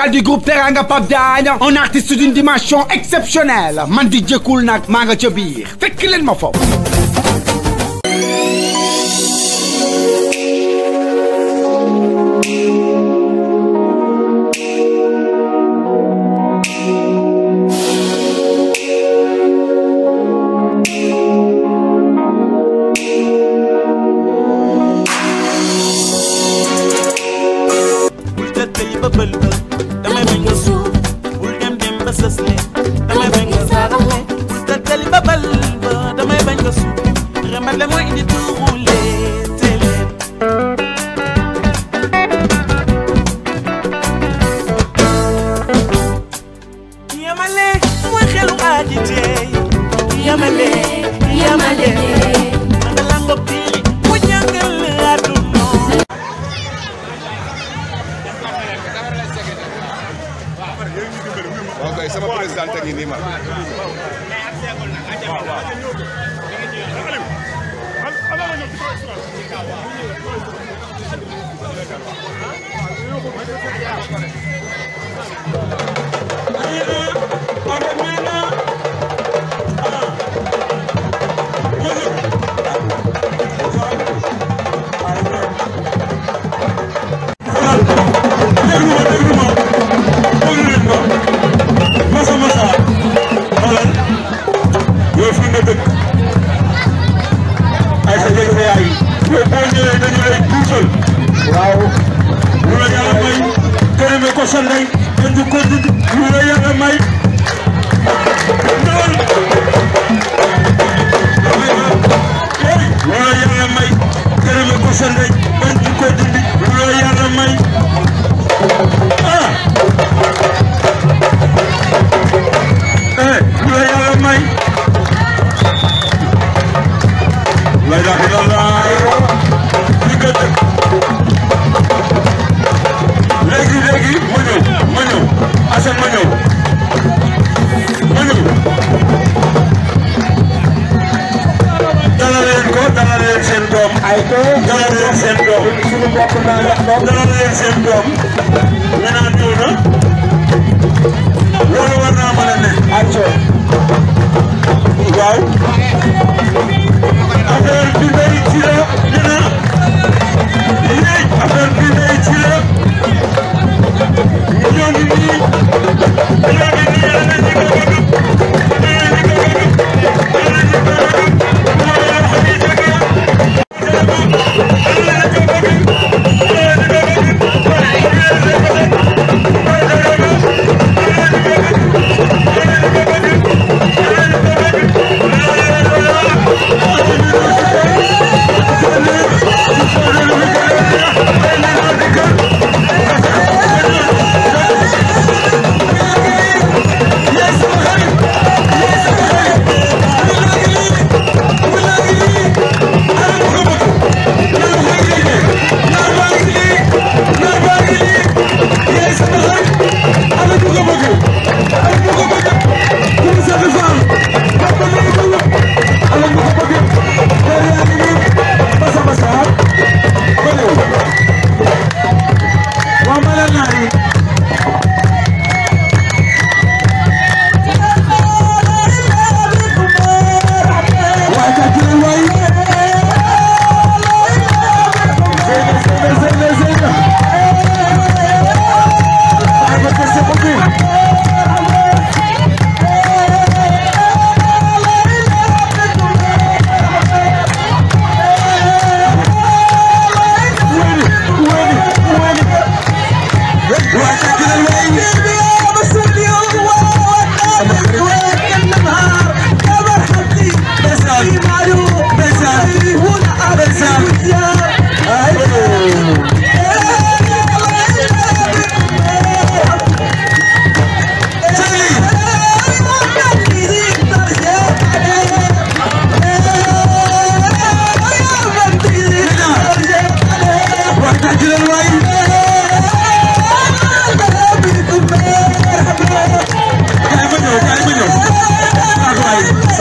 vocal du groupe Teranga Pape Diagne un artiste d'une dimension exceptionnelle man di jëkkul nag maa nga ca biir fekk leen ma foofu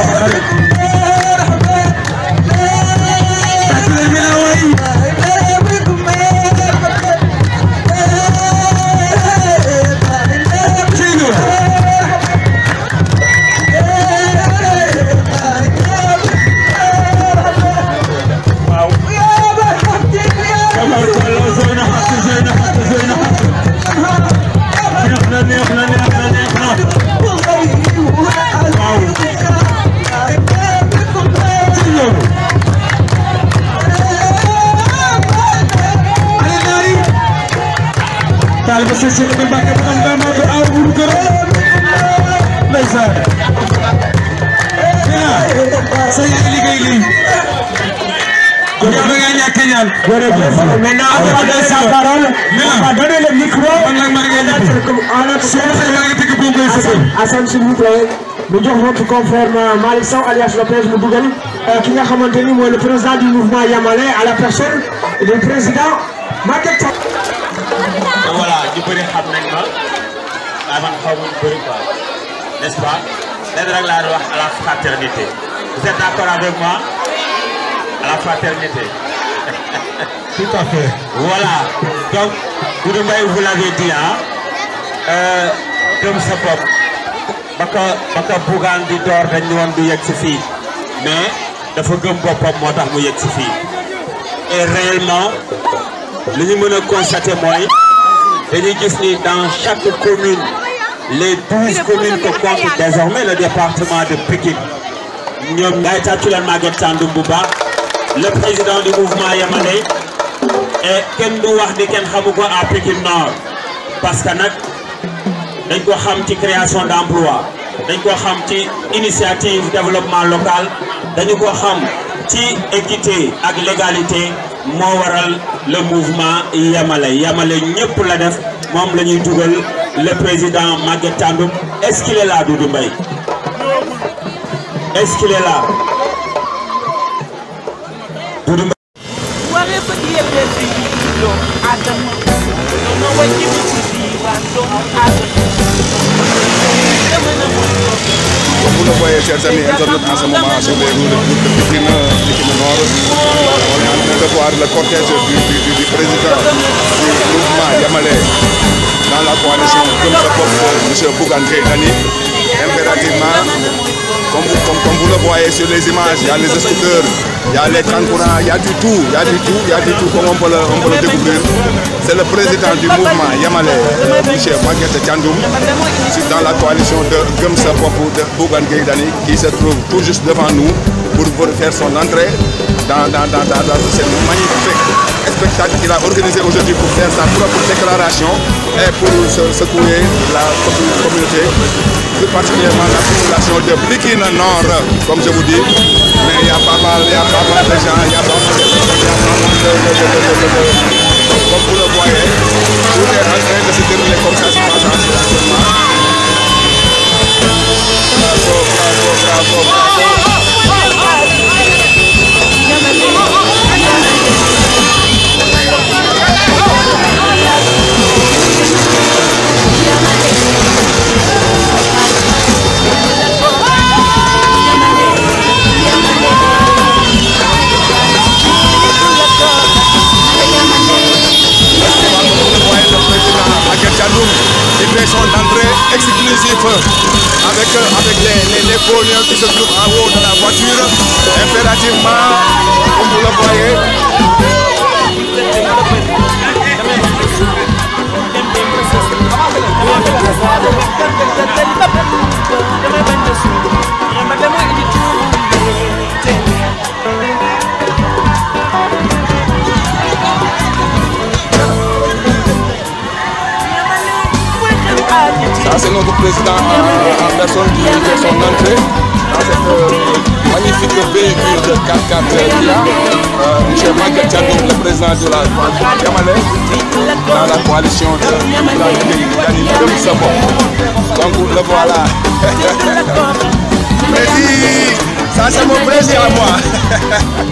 sama xarit plaît ñu jox votre confrère Malick alias Lopez mu dugal euh, ki nga xamante ni mooy le à la personne du président Maguette Thiam. voilà ñu bëri xam ma daa man xaw n'est-ce pas lenn rek laa à la fraternité vous êtes d'accord avec moi à la fraternité. tout à fait. voilà donc Doudou Mbaye vous l'avez dit ah euh, gëm sa bopp. baka baka bugaan di door dañ ñu woon du yegg si fii mais dafa gëm boppam moo tax mu yegg si fii et réellement li ñu mën a constater mooy dañuy gis ni dans chaque commune le douze communes que compte désormais le département de Pikine ñoom ngay tàccu leen Maguette bu baax le président du mouvement Yamadé et kenn du wax ni kenn xamu ko à Nord parce que nag dañ ko xam ci création d'emploi dañ ko xam ci initiative développement local dañu ko xam ci équité ak légalité moo waral le mouvement yamale yamale ñëpp la def moom la ñuy dugal le président Maguette Tandoum est-ce qu'il est vous voyez, chers amis, internet en ce moment sur les rues de Burkina, Burkina Nord, on est en train de voir le cortège du, du, du, du président du mouvement Yamalais dans la coalition comme le peuple, M. Bougangé Dani, impérativement. Comme vous, comme, comme vous le voyez sur les images, il y a les scooters, il y a les tankourans, il y a du tout, a du tout, il y a du tout, comme on peut le, on C'est le président du mouvement Yamalé, euh, Michel Maguette Tiandoum, dans la coalition de Gumsa Popou de Bougan Gaydani, qui se trouve tout juste devant nous pour faire son entrée. dans, dans, dans, dans cette magnifique spectacle organisé aujourd'hui pour faire sa propre déclaration pour secourir la communauté, plus particulièrement la population de Blikine Nord, comme je vous dis. Mais il y a pas mal, il y a pas mal de gens, il y a pas mal de Comme vous le voyez, tout est en train de se terminer comme ça se passe actuellement. Bravo, bravo, bravo, bravo. coloniale qui se trouve en haut de la voiture. Impérativement, comme vous le voyez. c'est notre président en, personne qui fait son entrée dans cette euh, magnifique véhicule de 4x4 qu'il a. Euh, M. Maguette Tchadoum, le président de la Camalais, dans la coalition de la Ligue Donc le voilà. Merci, ça c'est mon plaisir à moi.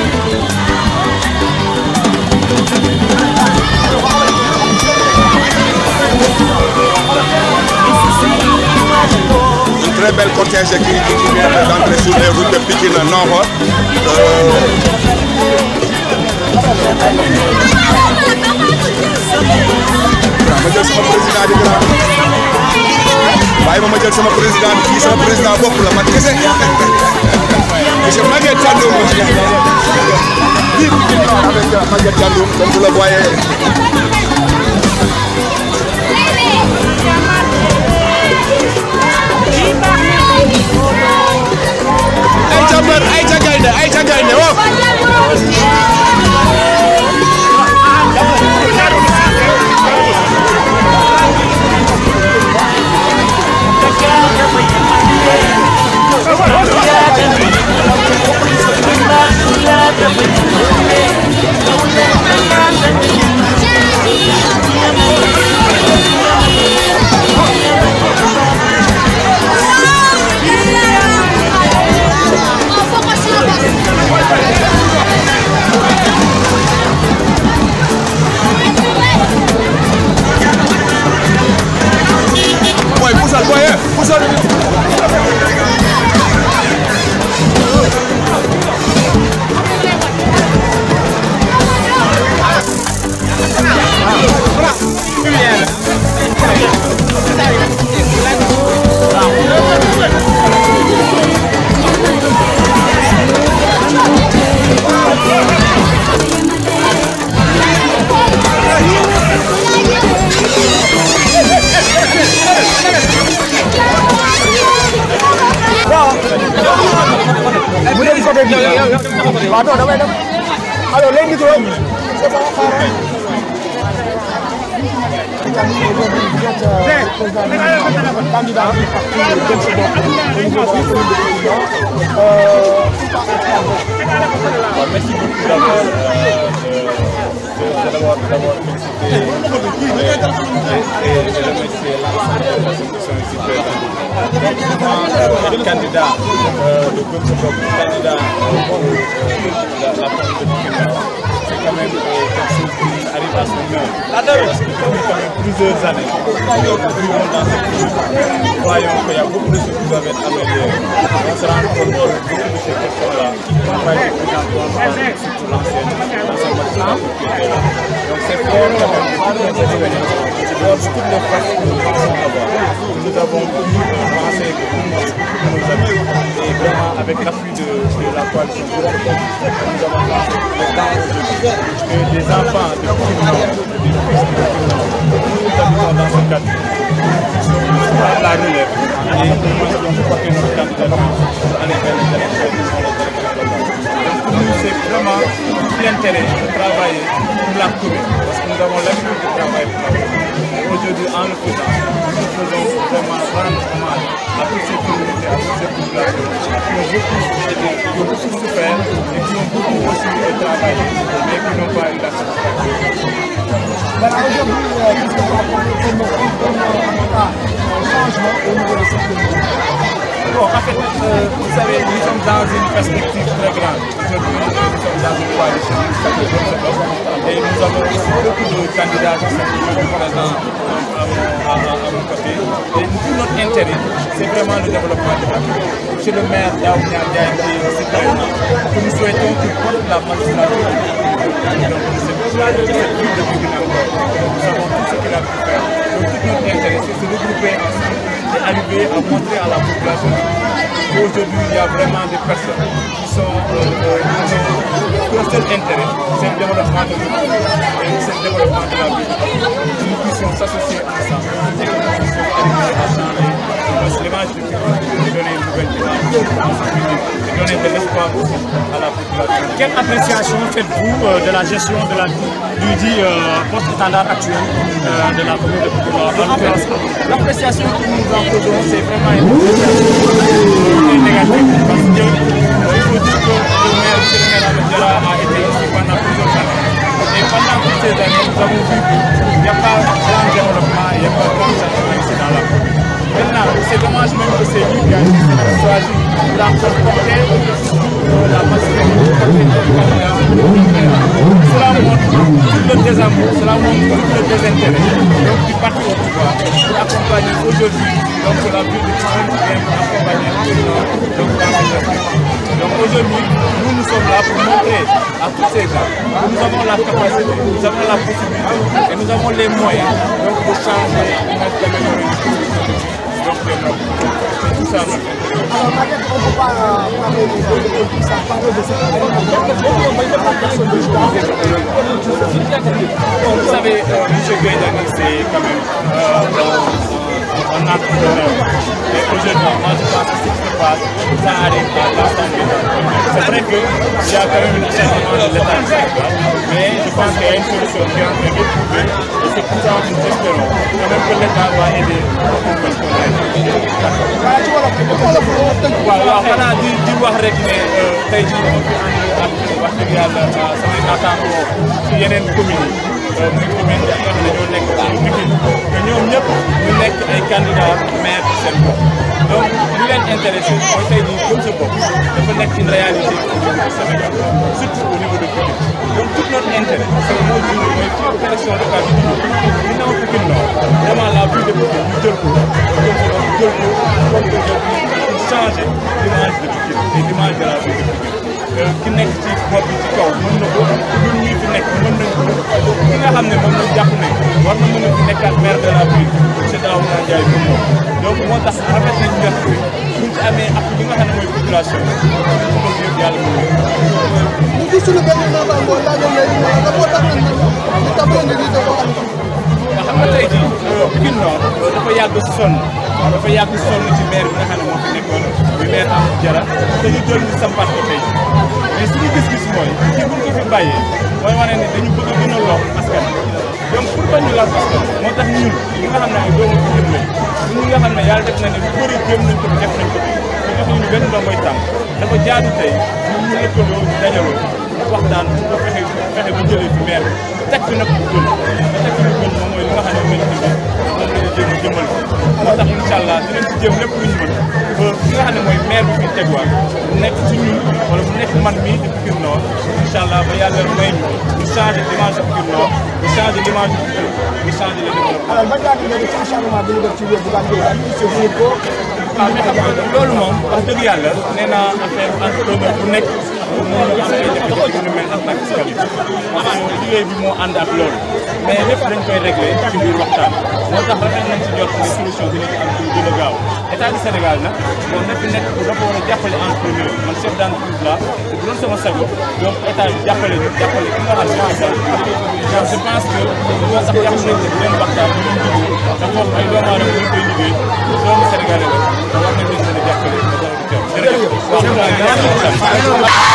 Un très bel cortège qui, qui vient d'entrer sur les routes de Pékin Nord. Euh... ma jël sama président di grand waaye ma jël sama président kii sama président bopp la man kese monsieur Maguette Thiandoum avec euh, Maguette Thiandoum comme vous le voyez ay jàmbar ay deux années. Nous voyons qu'il y a beaucoup de choses qui doivent être améliorées. On se rend compte de beaucoup de ces questions-là qui travaillent surtout l'ancienne, l'ensemble qui était là. Donc c'est fort quand même pas de déjeuner. Lors toutes les façons que nous pensons avoir, nous avons pu penser que nous avions et vraiment avec l'appui de, de la coalition de la nous avons pensé que les enfants de Kouinoua, de Kouinoua, habitants dans ce cadre. Par la relève, et nous sommes porter notre c'est vraiment l'intérêt de travailler pour la commune, parce que nous avons l'habitude de travailler pour la commune. Aujourd'hui, en le faisant, nous faisons vraiment rendre hommage à toutes ces communautés, à toutes ces populations qui ont beaucoup aidé, qui ont beaucoup souffert et qui ont beaucoup aussi travaillé, mais qui n'ont pas eu la satisfaction. Aujourd'hui, qu'est-ce que vous comme changement au niveau de cette commune Bon, en fait, euh, vous savez, nous sommes dans une perspective très grande. Aujourd'hui, nous sommes dans une coalition et nous avons aussi beaucoup de candidats qui sont présents euh, à, à, à, mon côté. Et tout notre intérêt, c'est vraiment le développement de la commune. Chez le maire Daounia Ndiaye, qui est citoyen, que nous souhaitons qu'il porte la magistrature. Donc, c'est pour cela que cette ville de Nous savons tout ce qu'il a pu faire. Donc, tout notre intérêt, c'est de se regrouper ensemble et arriver à montrer à la population qu'aujourd'hui il y a vraiment des personnes qui sont pour seul euh, intérêt, c'est le développement de et c'est le développement de la ville. Nous puissions s'associer ensemble et que nous puissions arriver à changer Parce que l'image de Pikine, c'est donner une nouvelle image c'est donner de l'espoir à la population. Quelle appréciation faites-vous euh, de la gestion de la, du dit post-standard euh, actuel euh, de la commune de Pikine L'appréciation que nous en faisons, c'est vraiment une appréciation négative. Parce que il faut dire que le maire, le maire Abedjala a été ici pendant plusieurs années. Et pendant toutes ces années, nous avons vu qu'il n'y a pas de grand développement, il n'y a pas de grand changement ici dans la commune. Maintenant, c'est dommage même que c'est lui qui a choisi la portée euh, la masculinité Cela montre tout le désamour, cela montre tout le désintérêt donc, du parti au pouvoir qui accompagne aujourd'hui donc la ville de Tivaouane vient accompagner donc la Donc aujourd'hui, nous nous sommes là pour montrer à tous ces gens que nous avons la capacité, nous avons la possibilité et nous avons les moyens donc, de changer notre améliorer Donc, tout ça. Alors, peut-être qu'on ne peut pas parler de ça, parler de ça. Vous savez, euh, M. Gaïdani, c'est quand même. Euh, un entrepreneur. Et aujourd'hui, moi, je pense que ce qui se passe, ça arrive à l'instant C'est vrai qu'il y a quand même une échelle de l'État mais je pense qu'il y a une solution di wax rek ne tey jii ñu ngi fi ànd ak wax dëgg yàlla samay naataangoo yeneen communes yi. muy commune yi nga xam ne ñoo nekk ci Pikine que ñoom ñëpp ñu nekk ay candidats maire seen bopp donc li leen intéressé mooy tey jii gëm sa bopp dafa nekk une réalité au Sénégal surtout au niveau de Pikine donc tout notre intérêt moo jëm mooy ci élection locale bi ñu ginnaaw Pikine Nord vraiment la ville de Pikine ñu jël ko jël ko jël ko comme que ñu changé l'image de Pikine et l'image de la ville de Pikine ki nekk ci bopp bi ci kaw mën na ko ñun ñii fi nekk mën nañ ko ki nga xam ne moom lañ jàpp ne war na mën a fi nekkaat maire de la ville monsieur Daouda Ndiaye moom moom donc moo tax rafet nañ njort bi buñ ci amee ak li nga xam ne mooy population bi moom yëpp yàlla moom ñu gis suñu benn naataango laajoon léegi ne la moo tax nañ ñu taboo ñu jiite ko xam nga xam nga tey jii euh, Pikine Nord euh, dafa yàgg si sonn dafa yàgg sonn ci maire bi nga xam ne moo fi nekkoon bi maire am jara te ñu jël ñu sampat ko tey mais suñu gis-gis mooy kii fi bàyyee mooy wane ne dañu bëgg a gën a lor askan donc pour bañ ñu lor askan moo tax ñun ñi nga xam ne ay doomu ci jëm ñi nga xam ne na ne lu bëri gëm nañ ko def nañ ko fi benn ndomboy tànk dafa jaadu tey ñu ñu lëkkaloo dajaloo wax daan ba fexe fexe ba jëlee fi maire bi teg fi nag bu gën teg fi bu gën moom mooy li nga xam ne mën ci bi moom la ñu jéem a jëmbal moo tax incha allah dinañ ci jéem lépp lu ñu mën ba li nga xam ne mooy maire bi fi tegwaat nekk ci ñun wala mu nekk man mii di Pikine Nord incha allah ba yàlla may ñu ñu changé dimension Pikine Nord ñu changé dimension ñu changé le développement. alors ban laaj bi ci acharnement bi ñu def ci wér bu baax bi ak ci wér ko. waaw mais xam nga loolu moom wax dëgg yàlla nee naa affaire entrepreneur bu nekk. liggéey bi moo ànd ak loolu mais lépp dañ koy réglé ci biir waxtaan moo tax rafet nañ ci jot ni solution bi nekk am ci lu gën a gaaw état du Sénégal nag moom nekk nekk dafa war a jàppale entrepreneur man chef d'entreprise la te bu doon sama sago donc état bi jàppale ñu jàppale ki nga xam ne je pense que ñoo sax jàpp nañ ci benn waxtaan bu ñu dugg te foofu ay doomu aadama ñu koy liggéey doomu Sénégalais la te war nañ leen mën a jàppale jërëjëf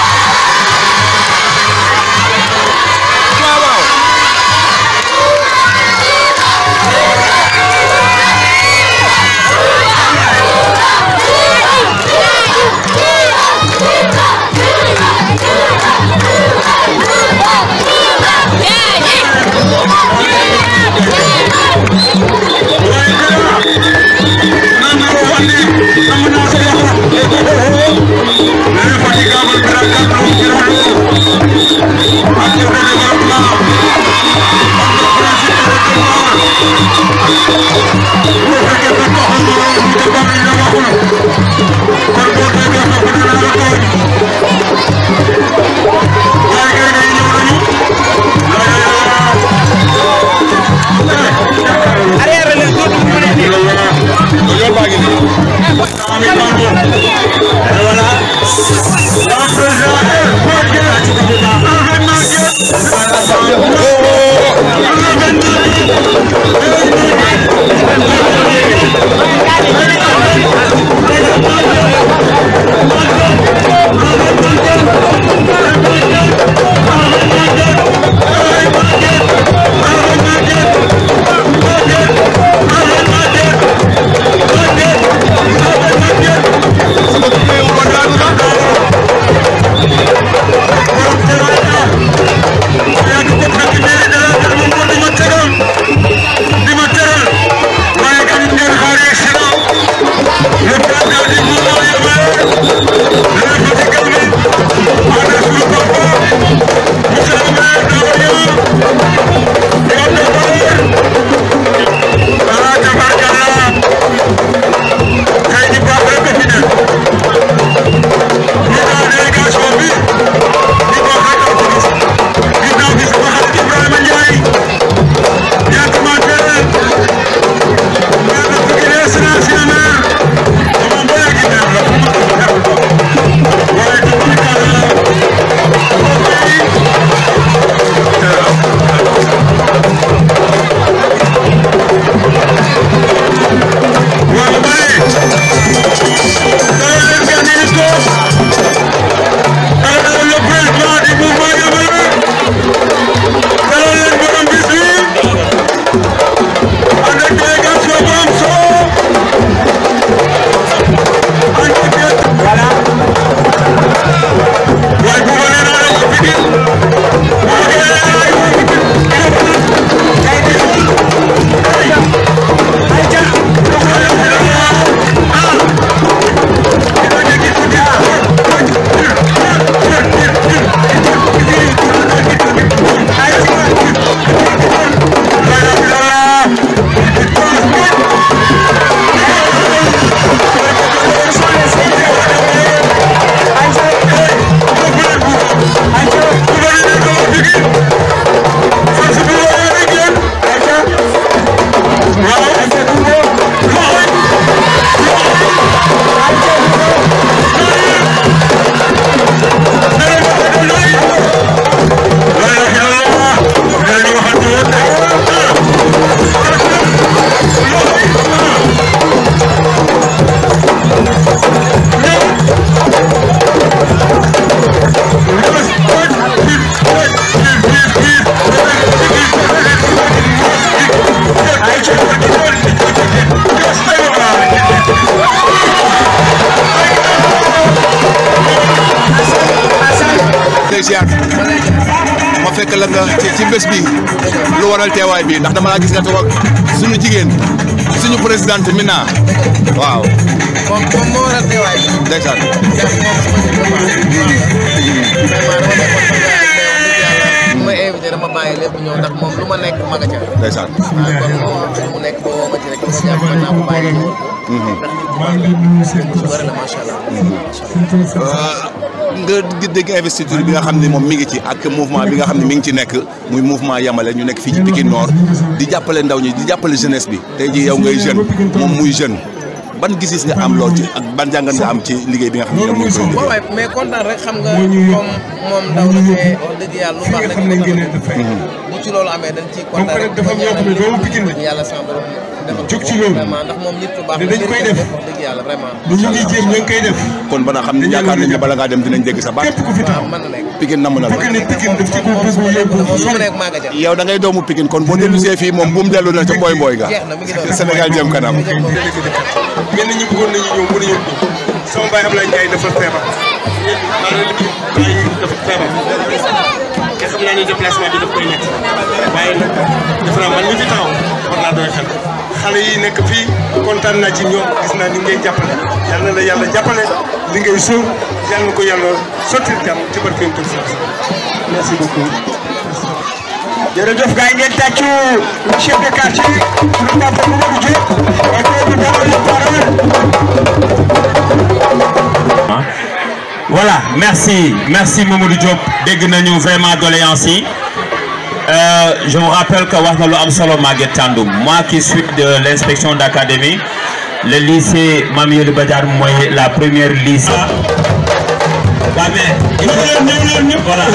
bés bi lu waral teewaay bi ndax dama laa gis nga toog suñu jigéen suñu présidente Mina waaw. moom moom moo waral teewaay bi. ndeysaan. ma invité dama bàyyi lépp ñëw ndax moom lu ma nekk ma nga ca. ndeysaan. Ah, kon moom mu nekk boo ma ci rek ma naa ko bàyyi mhm. la mu war a la macha allah. Mhm. Euh, nga dégg investiture bi nga xam ni moom mi ngi ci ak mouvement bi nga xam ne mi ngi ci nekk muy mouvement yamale ñu nekk fii ci Pikine Nord di jàppale ndaw ñi di jàppale jeunesse bi tey jii yow ngay jeune moom muy jeune ban gis-gis nga am lool ci ak ban jàngat nga am ci liggéey bi nga xam ne moom koy liggéey. waaw mais kontaan rek xam la mais wax dëgg yàlla lu baax rek bu ci loolu amee dañ jug ci loolu ne dañ koy def lu ñu ngi jéem ñu ngi koy def. kon bana xam ne yaakaar nañ ne bala ngaa dem dina dégg sa baat. képp ku fi taxaw Pikine namm na la. Pikine Pikine daf ci ko bés bu yóbbu. yow da ngay doomu boo dellusee fii moom bu mu dellu na ca mbooy mbooy ga. Sénégal jëm kanam. ñenn ñi bëggoon nañu ñëw mënuñu ñëw. sama baay Ablaye Ndiaye ne déplacement daf koy nekk waaye nag defe naa man li fi taxaw war naa doy xel xale yi nekk fii kontaan naa ci ñoom gis naa ni ngay jàppale yal na la yàlla jàppale li ngay suur yal na ko yàlla sottil jàmm ci barke de quartier suñu papa merci merci Mamadou Diop dégg nañu vraiment doléances yi. Euh, je vous que wax am solo Maguette Thiandoum moi qui suis de l'inspection d'académie le lycée Mame Yelli Badiane mooy la première lycée. waaw mais. voilà.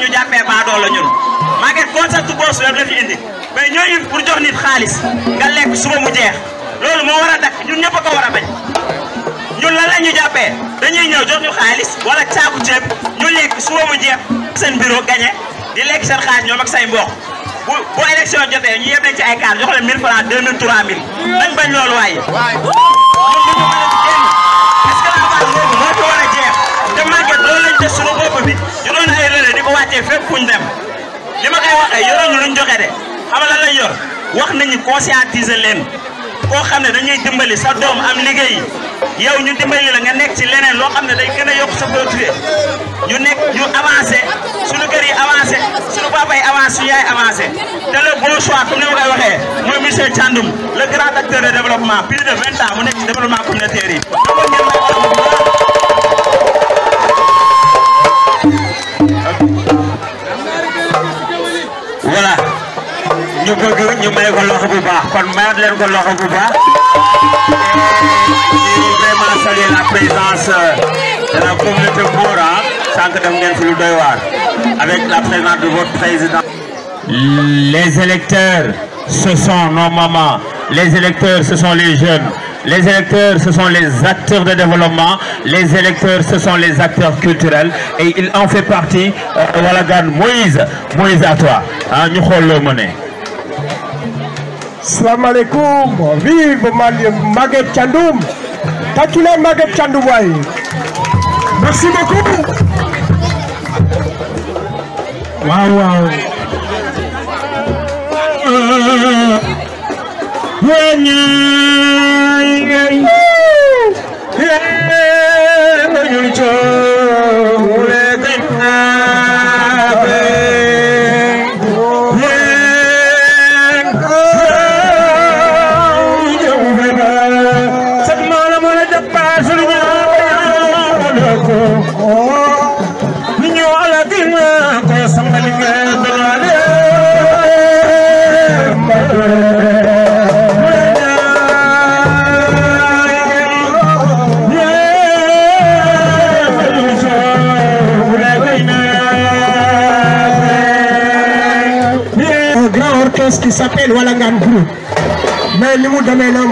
ñu jàppee baadoo la ñun maa ngi concept bourse la fi indi mais ñoo indi pour jox nit xaalis nga lekk suba mu jeex loolu moo war a dakk ñun ñëpp a ko war a bañ ñun lan la ñu jàppee dañuy lekk suba mu jeex seen bureau gagné di lekk seen xaalis ñoom ak say mbokk bu bu jotee ñu yeb ci ay jox leen 1000 francs 2000 3000 nañ bañ loolu waaye. waaye ñun du ñu mën a génn esclavage boobu moo fi war a jeex te màgget loolu lañ def suñu bopp bi ñu doon ay ko wàccee fépp fuñ ma koy wax ay yoroon luñ joxe de xam lan lañ yor wax nañu conscientiser leen koo xam ne dañuy dimbali sa doom am liggéey yow ñu dimbali la nga nekk ci leneen loo xam ne day gën a yokk sa productivité ñu nekk ñu avancé suñu kër yi avancé suñu papa yi avancé suñu yaay avancé te le bon choix comme ni ma koy waxee mooy monsieur Thiandoum de développement plus de vingt ans mu nekk ci développement communautaire yi. bëgg ñu may ko loxo la présence euh, de la communauté Mora la présence de votre président. les électeurs ce sont nos les électeurs ce sont les jeunes les électeurs ce sont les acteurs de développement les électeurs ce sont les acteurs culturels et il en fait partie wala euh, gaan Moïse Moïse à toi ah ñu salaamaaleykum vive Maguette Thiandoum tàccu leen Maguette Thiandoum waay merci beaucoup waaw waaw euh, euh, euh, euh.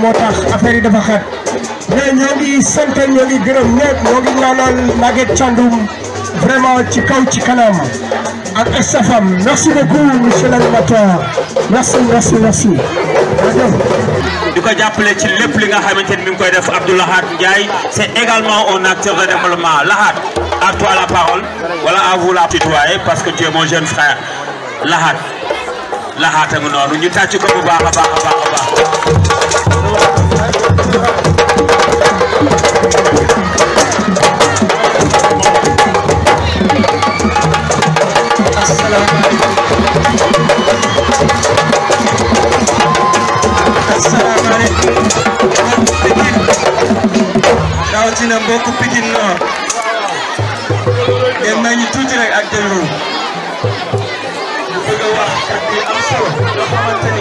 moo tax affaire yi dafa xat mais ñoo ngi sant ñoo ngi gërëm ñëpp ñoo ngi ñaanal Maguette Thiandoum vraiment ci kaw ci kanam ak SFM merci beaucoup monsieur l'animateur merci merci merci di ko jàppale ci lépp li nga xamante ni mi ngi koy def Abdou Lahad Ndiaye c'est également un acteur de développement Lahad à toi la parole voilà à vous la tutoyer parce que tu es mon jeune frère Lahad Lahad a ngi noonu ñu tàcc ko bu baax a baax a baax a baax rawatina mbokku Pikine Nord ngeen may ñu tuuti rek ak déglu ñu bëgg a wax ak am solo yoo xamante ni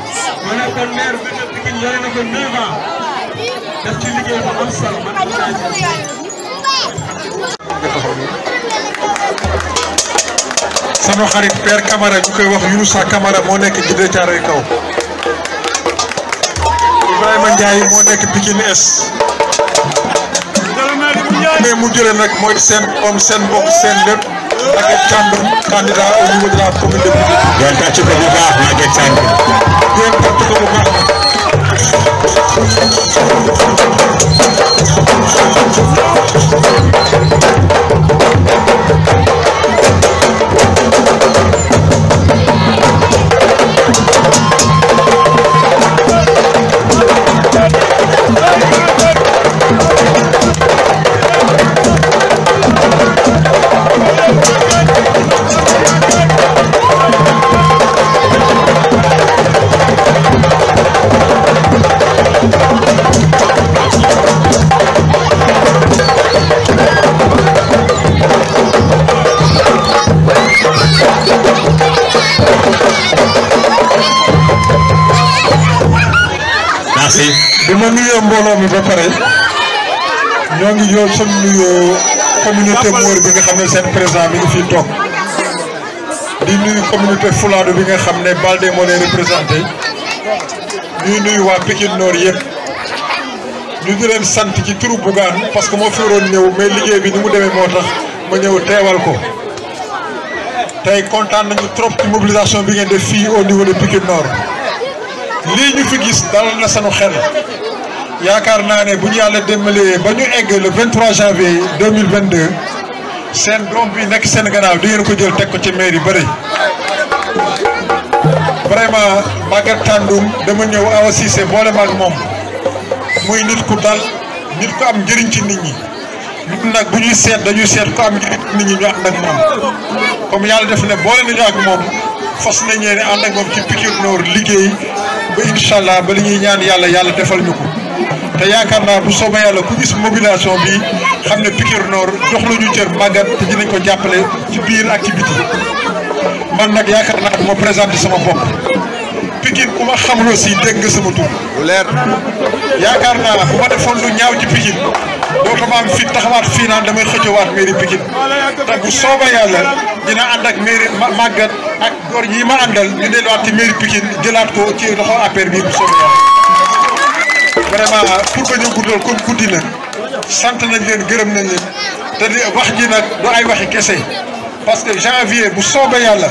ma ne kon maire bi nga Pikine yore na ko neuf ans def ci liggéey bu am solo man mën naa ci. sama xarit père Camara ñu koy wax Younusa Camara moo nekk Djidah Thiaroye Kaw. Ibrahima Ndiaye moo nekk mu jëlee nag mooy seen om seen mbokk seen Maguette Thiandoum candidat au niveau de la commune de Goudiri. ngeen tàcc ko bu baax Maguette Thiandoum. ngeen tàcc ko bu merci. bi ma nuyoo mbooloo mi ba pare ñoo ngi ñëw suñu nuyoo communauté Mor bi nga xam ne seen président mi ngi fii toog di nuyu communauté Fulaadu bi nga xam ne Balde moo lay représenté ñuy nuyu waa Pikine Nord yëpp ñu di sant ci bu Bougane parce que moo fi ñëw mais liggéey bi ni mu demee moo tax ma ñëw teewal ko tey kontaan nañu trop ci mobilisation bi ngeen def fii au niveau de Pikine Nord. lii ñu fi gis dal na sanu xel yaakaar naa ne bu ñu yàlla démbalee ba ñu egg le 23 janvier 2022 seen doom bi nekk seen gannaaw di ngeen ko jël teg ko ci mairie bëri. vraiment Maguette Tandoum dama ñëw Awa Cissé boole maag moom muy nit ku dal nit ku am njëriñ ci nit ñi nit nag bu ñuy seet dañuy seet ku am njëriñ nit ñi ñu ànd ak moom comme yàlla def ne boole nañu ak moom fas nañu ne ànd ak moom ci Pikine liggéey. ba incha allah ba li ñuy ñaan yàlla yàlla defal ñu ko te yaakaar naa bu soobee yàlla ku gis mobilisation bi xam ne Pikine Nord jox la ñu cër màggat te dinañ ko jàppale ci biir ak ci biti man nag yaakaar naa ma présenté sama bopp Pikine ku ma xamul aussi dégg nga sama tur. bu leer yaakaar naa bu ma defoon lu ñaaw ci Pikine. dootu ma am taxawaat fii naan damay xëccowaat mairie Pikine te bu sooba yàlla dina ànd ak mairie màggat ak góor yi ma àndal ñu delluwaat ci mairie Pikine jëlaat ko ci loxo APR bi bu sooba yàlla vraiment pour ba ñu guddal comme guddi na sant nañ leen gërëm nañ leen te di wax ji nag du ay waxi kese parce que janvier bu sooba yàlla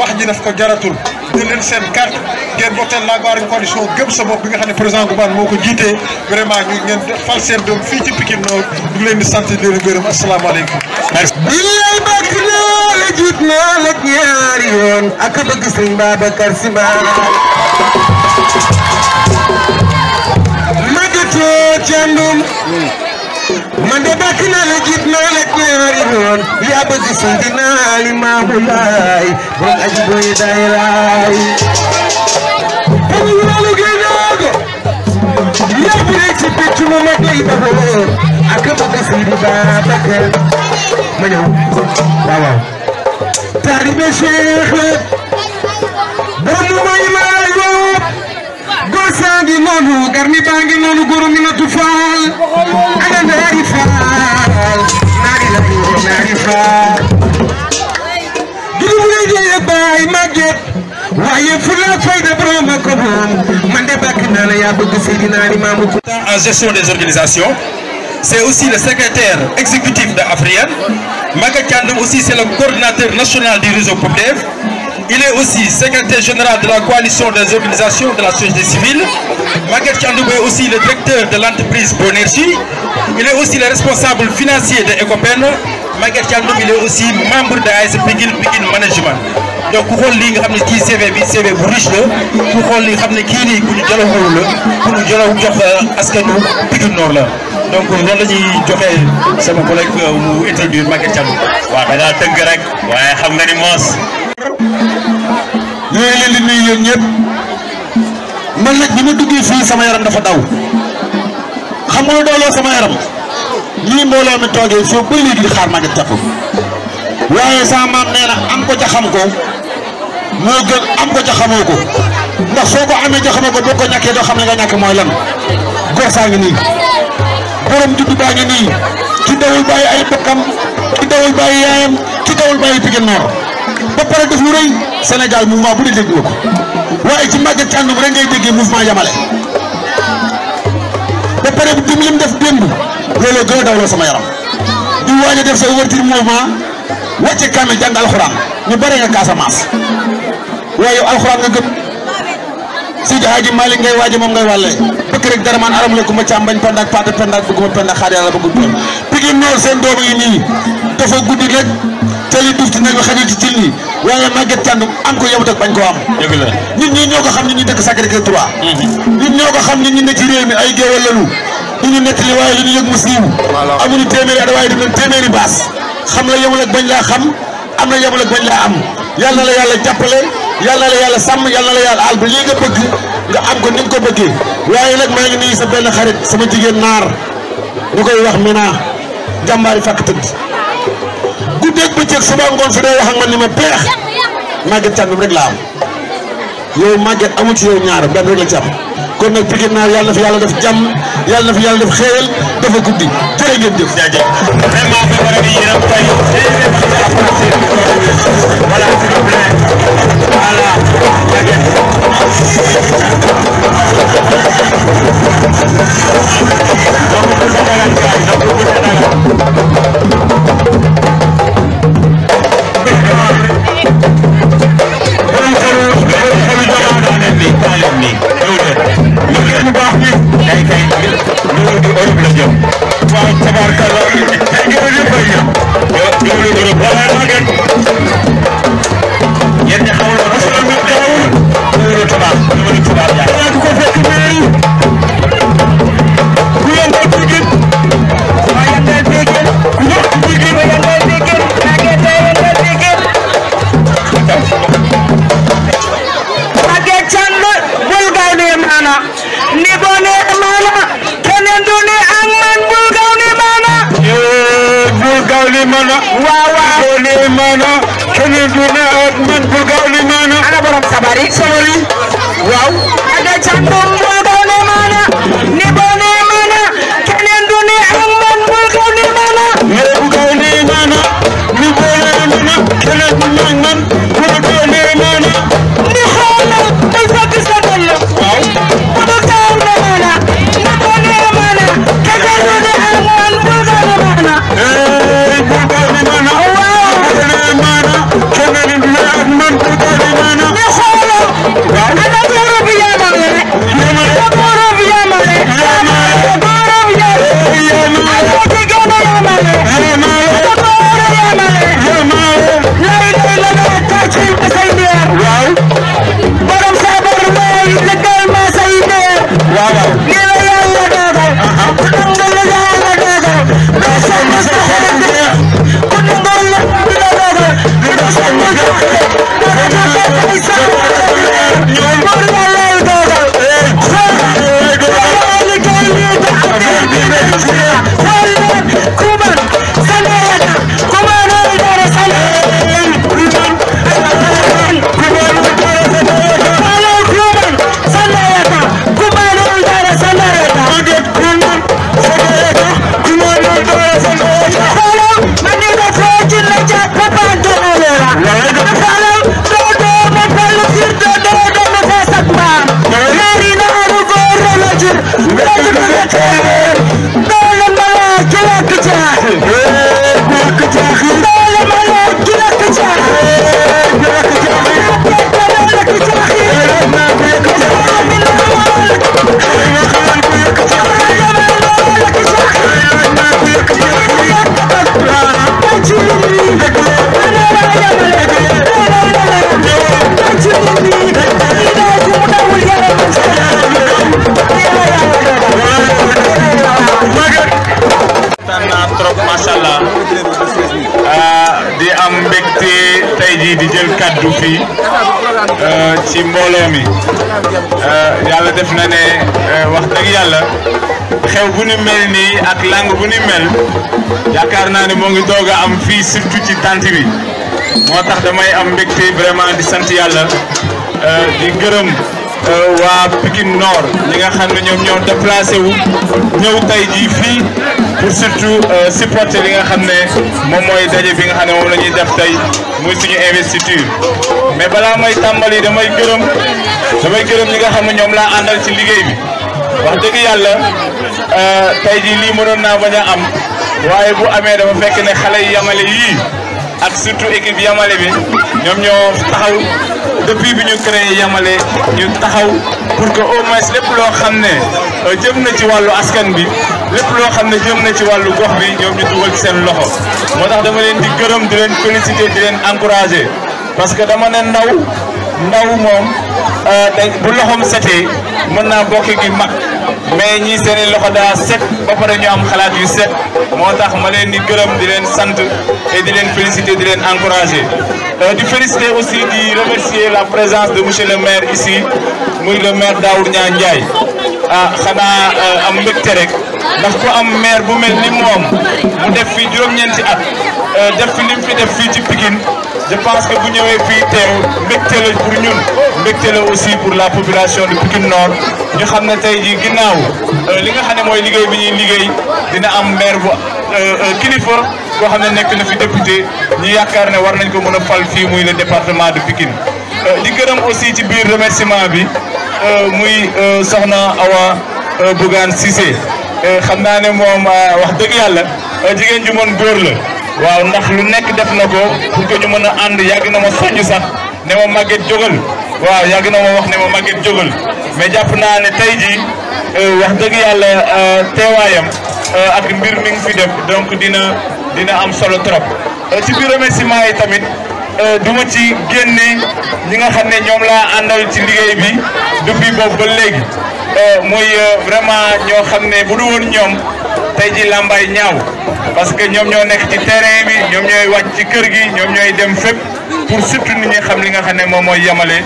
wax ji daf ko jaratul ñu leen seen carte ngeen booteel la goirin coalition gëm sa bopp bi nga xam ne président Bougane moo ko jiitee vraiment ñu ngeen fal seen doom fii ci Pikine Nord ñu ngi leen di sant di leen gërëm asalaamaaleykum billaay bàkk naa la jiit naa la ñaari yoon ak a bëgg sëñ Babacar Sy Magatoo Thiandoum hmm. man de dàkk naa la jiit naa la kuréel noon yaa ba si Seydinaa Limaamu Laay borom aji boy day laay amuñu wàllu gànnaaw yaa bu nekk ci picc mu mag lay doxalee ak bëgg Seydi Babacar ma ñëw waaw waaw taalibe Cheikh la borom mu may noonu garmi baa ngi noonu góor mi na tu faal ana naari faal naari la góor naari faal juróom lay dee baay màgget waaye fula fayda borom a ko moom man de bàkk naa la yaa bëgg Seydina Limaamu ko en gestion des organisations c'est aussi le secrétaire exécutif de Afriane Maga Thiandoum aussi c'est le coordinateur national du réseau POPDEV Il est aussi secrétaire général de la coalition des organisations de la société civile. Maguette Tiandoubé est aussi le directeur de l'entreprise Bonergie. Il est aussi le responsable financier de Ecopen. Maguette Tiandoubé il est aussi membre de AS Pigil Pigil Management. donc ku xool lii nga xam ne kii CV bi CV bu riche la ku xool li nga xam ne kii ku ñu la ku ñu jëloon euh, la donc ñuy joxe sama collègue euh, mu introduire Maguette Thiam. waaw da ngaa ñu ngi leen di nuyu yéen ñëpp man nag bi ma duggee fii sama yaram dafa daw xam nga dooloo sama yaram lii mbooloo mi toogee fii ba léegi di xaar maa ngi topp waaye sama maam nee na am ko ca xam ko moo gën am ko ca xamoo ko ndax soo ko amee ca xamoo ko boo ko ñàkkee doo xam ne nga ñàkk mooy lan góor saa ngi nii borom juddu baa ngi nii ki dawul bàyyi ay bokkam ki dawul bàyyi yaayam ki dawul bàyyi Pikine Nord ba pare def rëy. Sénégal mouvement bu di dégg nga ko waaye ci Maguette Thiandoum rek ngay déggee mouvement yamale ba pare bu dim lim def démb looloo gën a dawloo sama yaram di waaj a def sa ouverture mouvement wàcce kaamil jàng alxuraan ñu bare nga Casamance waaye yow alxuraan nga gëm Seydi Hadji Malick ngay waaje moom ngay wàllee bëkk rek dara aram la ku ma càmbañ pendak paate pendak bëgguma pendak xaar yàlla bëggu pen pigi noor seen doom yi nii dafa guddi rek te li duuf ci nag xajul ci cin yi waaye Maguette Thiandoum am ko yemut ak bañ koo am. dëgg la ñun ñii ñoo ko xam ñun ñu dëkk Sacré-Cœur 3. Mm-hmm. ñoo ko xam ñun ñu nekk ci réew mi ay géwél lañu. du ñu nettali waaye du ñu yëg mu siiw. amuñu téeméeri at waaye du ñu téeméeri baas. xam la yemul ak bañ laa xam am na yemul ak bañ laa am yal na la yàlla jàppale yal la yàlla sàmm yal la yàlla aal ba lii nga bëgg nga am ko ni nga ko bëggee. waaye nag maa ngi nii sa benn xarit sama jigéen naar ñu koy wax Mina jàmbaari fàkk tëdd guddeeg bëccëg suba ngoon fi day wax ak man ni ma peex Maguette Thiandoum rek laa am yow Maguette amu ci yow ñaar benn rek la ci kon nag Pikine Naar yàlla na fi yàlla def jàmm yàlla fi yàlla def xéewal dafa fi mu yéen ñi xamul woon mosul woon ñu teewul. ñu ngi lu tubaab ñu ngi lu tubaab jaay. réew mi euh, yàlla def na ne euh, wax dëgg yàlla xew bu ni mel nii ak langue bu ni mel yaakaar naa ne moo ngi doog am fii surtout ci tant bi moo tax damay am mbégte vraiment di sant yàlla euh, di gërëm waa Pikine Nord ñi nga xam ne ñoom ñoo déplacé wu ñëw tey jii fii pour surtout supporter li nga xam ne moom mooy daje bi nga xam ne moom la def tey muy suñu investiture mais balaa may tàmbali damay gërëm damay gërëm ñi nga xam ne ñoom laa àndal ci liggéey bi wax dëgg yàlla euh, tey jii lii mënoon naa bañ a am waaye bu amee dafa fekk ne xale yi yamale yii ak surtout équipe yamale bi ñoom ñoo taxaw depuis bi ñu créé yamale ñu taxaw pour que au moins lépp loo xam ne euh, jëm na ci wàllu askan bi lépp loo xam ne jëm na ci wàllu gox bi ñoom ñu dugal ci seen loxo moo tax dama leen di gërëm di leen féliciter di leen encourager parce que dama ne ndaw ndaw moom day euh, bu loxoom setee mën naa bokke gi mag mais ñi seen loxo daa set ba pare ñu am xalaat yu set moo tax ma leen di gërëm di leen sant et di leen féliciter di leen encourager euh, di féliciter aussi di remercier la présence de monsieur le maire ici muy le maire Daour Niang Ndiaye ah xanaa eh, am mbégte rek ndax ku am maire bu mel ni moom mu def fii juróom-ñeenti at eh, def fi li fi def fii ci Pikine je pense que bu ñëwee fii teew mbégte la pour ñun mbégte la aussi pour la population de Pikine Nord ñu xam ne tey jii ginnaaw eh, li nga xam ne mooy liggéey bi ñu liggéey dina am maire bu kilifa koo xam ne nekk na fi député ñu yaakaar ne war nañ ko mën a fal fii muy ne département de Pikine di gërëm aussi ci biir remerciement bi. Euh, muy euh, soxna Awa euh, Bougane Cissé xam naa ne moom wax dëgg yàlla jigéen ju mën góor la waaw ndax lu nekk def na ko pour que mën a ànd yàgg na ma soññ sax ne ma màgget jógal waaw yàgg na ma wax ne ma màgget jógal mais jàpp naa ne tey jii wax dëgg yàlla teewaayam ak mbir mi ngi fi def donc dina dina am solo trop ci biir remerciement yi tamit. Euh, du ma ci génne ñi nga xam ne ñoom laa àndal ci liggéey bi depuis boobu ba léegi euh, muy euh, vraiment ñoo xam ne bu du woon ñoom tey ji làmbaay ñaaw parce que ñoom ñoo nekk ci terrain bi ñoom ñooy wàcc ci kër gi ñoom ñooy dem fépp pour surtout ni ñu xam li nga xam ne moom mooy yemale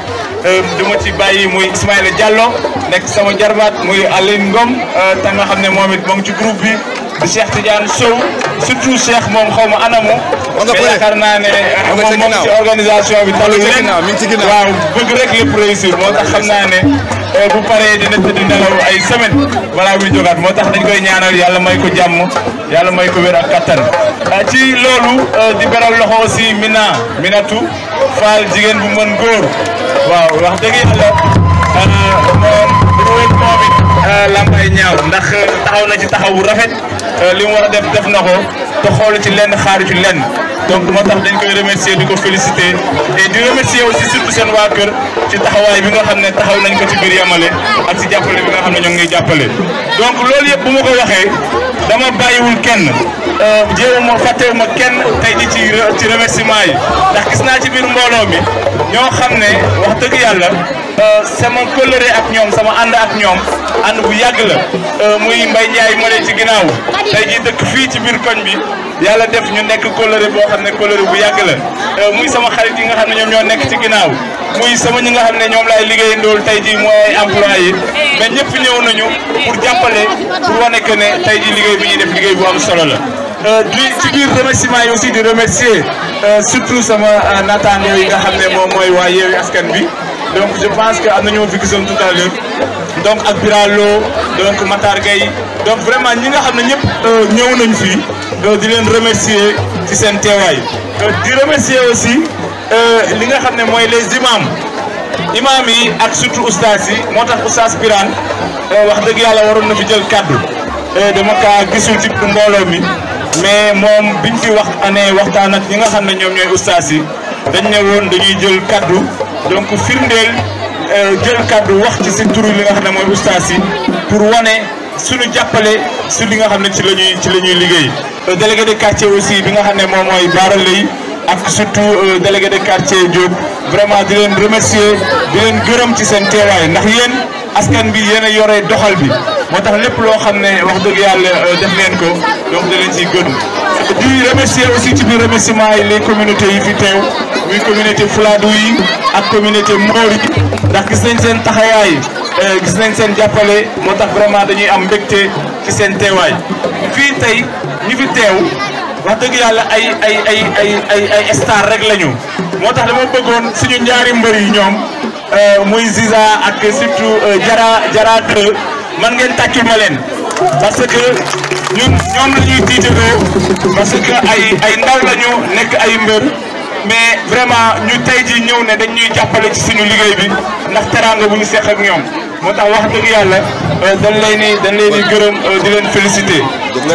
du ma ci bàyyi muy Ismaïla Diallo nekk sama jarbaat muy Aline Ngom te xam ne moom it moom ci groupe bi di Cheikh Tidiane Sow surtout Cheikh moom xaw ma anamu. ma nga bëre naa ne moom moom ci organisation bi. taw bi ren waaw bëgg rek lépp réussir moo tax xam naa ne euh, bu paree dina tëdd ay semaine balaa muy jógaat moo tax dañ koy ñaanal yàlla may ko jàmm yàlla may ko wér ak kattan. Euh, ci loolu euh, di beral loxo aussi Mina Minatu Fall jigéen bu mën góor waaw wax dëgg yàlla moom dafa wér moom it lambay ñaaw ndax taxaw na ci taxaw bu rafet. Euh, li mu war a def def na ko te xoolu ci lenn xaaru ci lenn donc moo tax dañ koy remercier di ko féliciter et di remercier aussi surtout seen waa kër ci taxawaay bi nga xam ne taxaw nañ ko ci biir yamale ak ci jàppale bi nga xam ne ñoo ngi jàppale donc loolu yëpp bu ma ko waxee dama bàyyiwul kenn euh, jéewuma fàttewuma kenn tey ji ci ci remerciement yi ndax gis naa ci biir mbooloo mi ñoo xam ne wax dëgg yàlla euh, sama coloré ak ñoom sama ànd ak ñoom ànd bu yàgg la euh, muy Mbaye Ndiaye ma ci ginnaaw tey ji dëkk fii bi yàlla def ñu nekk coloré boo xam ne kóllëre yàgg la euh, muy sama xarit yi nga xam ne ñoom ñoo nekk ci ginnaaw muy sama ñi nga xam ne ñoom laay liggéey ndool tey ji mooy ay employé yi mais ñëpp ñëw nañu pour jàppale pour wane que ne tey jii liggéey bi ñuy def liggéey bu am solo la euh, di ci biir remerciement yi aussi di remercier euh, surtout sama naataango yi nga xam ne moom mooy waa Yewwi Askan bi donc je pense que am na ñoo fi gisoon tout à l'heure donc ak Biralo donc Matar Gueye donc vraiment ñi nga xam ne ñëpp euh, ñëw nañu fii euh, di leen remercier ci seen teewaay euh, di remercier aussi li nga xam ne mooy les imams imam yi ak surtout oustaz yi moo tax oustaz Birane wax dëgg yàlla waroon na fi jël kaddu dama kaa gisul ci mbooloo mi mais moom ñu fi wax année waxtaan ak ñi nga xam ne ñoom ñooy oustaz yi dañ ne woon dañuy jël kàddu donc firndeel euh, jël kàddu wax ci si turu li nga xam ne mooy ustaas yi pour wane suñu jàppale su li nga xam ne ci la ñuy ci la ñuy liggéey. Euh, délégué de quartier aussi bi nga xam ne moom mooy Baara Lay ak surtout euh, délégué de quartier Diop vraiment di leen remercier di leen gërëm ci seen teewaay ndax yéen askan bi yéen a yore doxal bi moo tax lépp loo xam ne wax dëgg yàlla def leen ko. donc danañ ciy gën di remercier aussi ci biir remerciement yi les communautés yi fi teew muy communauté Fulaadu ak communauté Moor yi ndax gis nañ seen taxawaay euh, gis nañ seen jàppale moo tax vraiment dañuy am mbégte ci seen teewaay fii tey ñu fi teew wax dëgg yàlla ay ay ay ay ay ay star rek lañu moo tax dama bëggoon suñu ñaari mbër yi ñoom euh, muy Ziza ak surtout euh, Jara Jara man ngeen tàccul ma leen parce que ñun ñoom la ñuy parce que ay ay ndaw lañu nekk ay mbër mais vraiment ñu tey ji ñëw ne dañ ñuy jàppale ci suñu liggéey bi ndax teraanga bu ñu ak ñoom moo tax wax dëgg yàlla euh, dañ leen ni dañ leen ni gërëm euh, di leen félicité.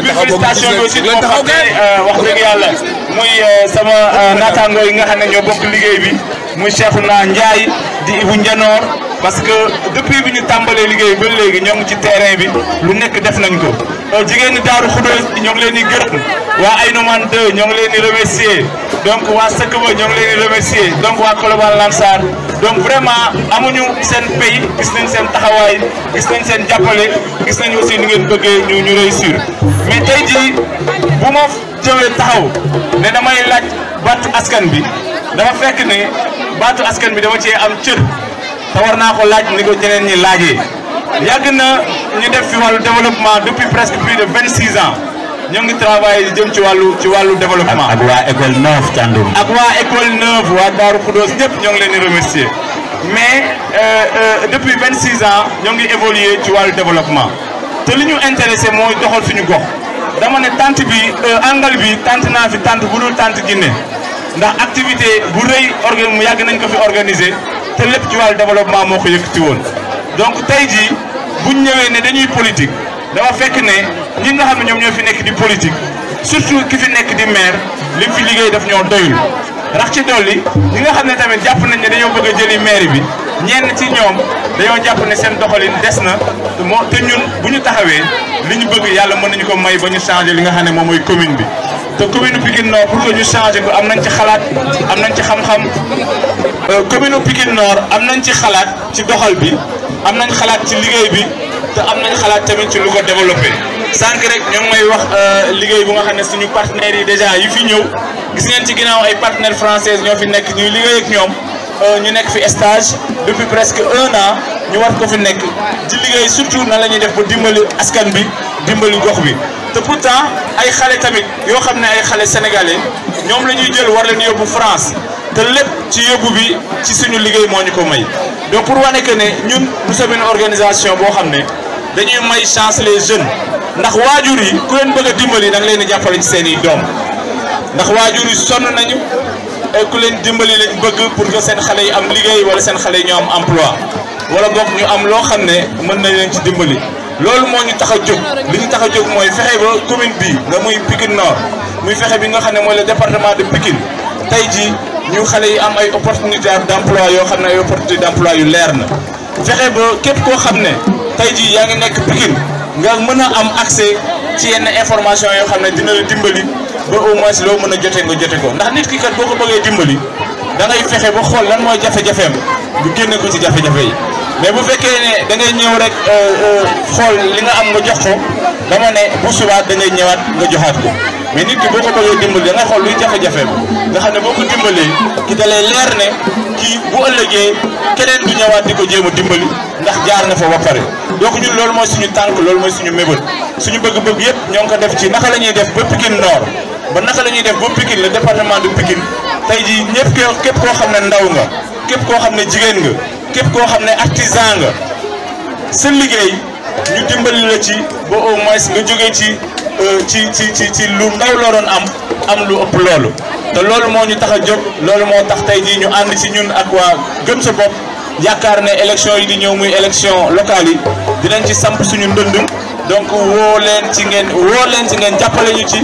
bi félicitation bi aussi moo xam ne wax dëgg yàlla muy euh, sama naataangoo yi nga xam ne ñoo bokk liggéey bi. muy Cheikhouna Ndiaye di Ibou Ndianor parce que depuis bi ñu tàmbalee liggéey ba léegi ñoo ci terrain bi lu nekk def nañ ko euh, jigéen ñi Daaru Xudóos ñoo ngi leen di gërëm waa Aïnoumane 2 ñoo ngi leen di remercier donc waa Sakaba ñoo ngi leen di remercier donc waa Colobane Lansar donc vraiment amuñu seen pays gis nañ seen taxawaay gis nañ seen jàppale gis nañ aussi ni ngeen bëggee ñu ñu réussir mais tey jii bu ma jëwee taxaw ne damay laaj baat askan bi dafa fekk ne baatu askan bi dama cee am cër te war naa ko laaj ni ko jeneen ñi laajee yàgg na ñu def fi wàllu développement depuis presque plus de vingt six ans ñoo ngi travaillé jëm ci wàllu ci wàllu développement. ak waa école neuf Thiandoum. ak waa école neuf waa Daaru Khoudoss ñëpp ñoo ngi leen di remercier mais euh, euh, depuis vingt six ans ñoo ngi évoluer ci wàllu développement te li ñu intéressé mooy doxal suñu gox dama ne tante bi euh, angal bi tànt naa fi tànt bu dul tante Guinée. ndax activité bu rëy organ mu yàgg nañ ko fi organiser te lépp ci wàllu développement moo ko ci woon donc tey jii buñ ñëwee ne dañuy politique dafa fekk ne ñi nga xam ne ñoom ñoo fi nekk di politique surtout ki fi nekk di maire li fi liggéey daf ñoo doyul rax ci dolli ñi nga xam ne tamit jàpp nañ ne dañoo bëgg a jëli maire bi ñenn ci ñoom dañoo jàpp ne seen doxalin des na moo te ñun bu ñu taxawee li ñu bëgg yàlla mën nañu ko may ba ñu changer li nga xam ne moom mooy commune bi te commune Pikine Nord pour que ñu changé ko am nañ ci xalaat am nañ ci xam-xam euh, commune Pikine Nord am nañ ci xalaat ci doxal bi am nañ xalaat ci liggéey bi te am nañ xalaat tamit ci lu ko développé. sànq rek ñoo ngi may wax euh, liggéey bu nga xam ne suñu partenaires yi déjà yi fi ñëw gis ngeen ci ginnaaw ay partenaires français ñoo fi nekk ñuy liggéey ak ñoom. Euh, ñu nekk fi stage depuis presque un an ñu war ko fi nekk di liggéey surtout na la ñuy def ba dimbali askan bi dimbali gox bi te pourtant ay xale tamit yoo xam ne ay xale sénégalais ñoom la ñuy jël war leen yóbbu France te lépp ci yóbbu bi ci suñu liggéey moo ñu ko may donc pour wane que ne ñun nous organisation boo xam ne dañuy may chance les jeunes ndax waajur yi ku leen bëgg a dimbali da leen di jàppale ci seen i doom ndax waajur yi sonn nañu. te ku leen dimbali lañ bëgg pour que seen xale yi am liggéey wala seen xale yi ñu am emploi wala boog ñu am loo xam ne mën nañ leen ci dimbali loolu moo ñu tax a jóg li ñu tax a jóg mooy fexe ba commune bi nga muy Pikine Nord muy fexe bi nga xam ne mooy le département de Pikine tey jii ñu xale yi am ay opportunité d'emploi yoo xam ne ay opportunité d'emploi yu leer na fexe ba képp koo xam ne tey jii yaa ngi nekk Pikine nga mën a am accès ci yenn information yoo xam ne dina la dimbali ba au loo mën a jotee nga jote ko ndax nit ki kat boo ko bëggee dimbali da ngay fexe ba xool lan mooy jafe-jafeem bu génne ko ci jafe-jafe yi mais bu fekkee ne da ngay ñëw rek euh, euh, xool li nga am nga jox ko dama ne bu subaat da ngay ñëwaat nga joxaat ko mais nit ki boo ko bëggee dimbali da ngay xool luy jafe-jafeem nga xam ne boo ko dimbalee ki da leer ne kii bu ëllëgee keneen du ñëwaat di ko jéem a dimbali. ndax jaar na fa ba pare donc ñun loolu mooy suñu tànk loolu mooy suñu mébét suñu bëgg-bëgg yëpp ñoo ngi ko def ci naka la ñuy def ba Pikine Nord ba naka la ñuy def ba Pikine le département de Pikine tey jii ñëpp képp koo xam ne ndaw nga képp koo xam ne jigéen nga képp koo xam ne artisan nga sa liggéey ñu dimbali la ci ba au moins nga jógee ci euh, ci ci ci ci lu ndaw loo doon am am lu ëpp loolu te loolu moo ñu tax a jóg loolu moo tax tey jii ñu ànd ci ñun ak waa gëm sa bopp. yaakaar ne élection yi di ñëw muy élection locale yi dinañ ci samp suñu ndënd donc woo leen ci ngeen leen ci ngeen jàppale ñu ci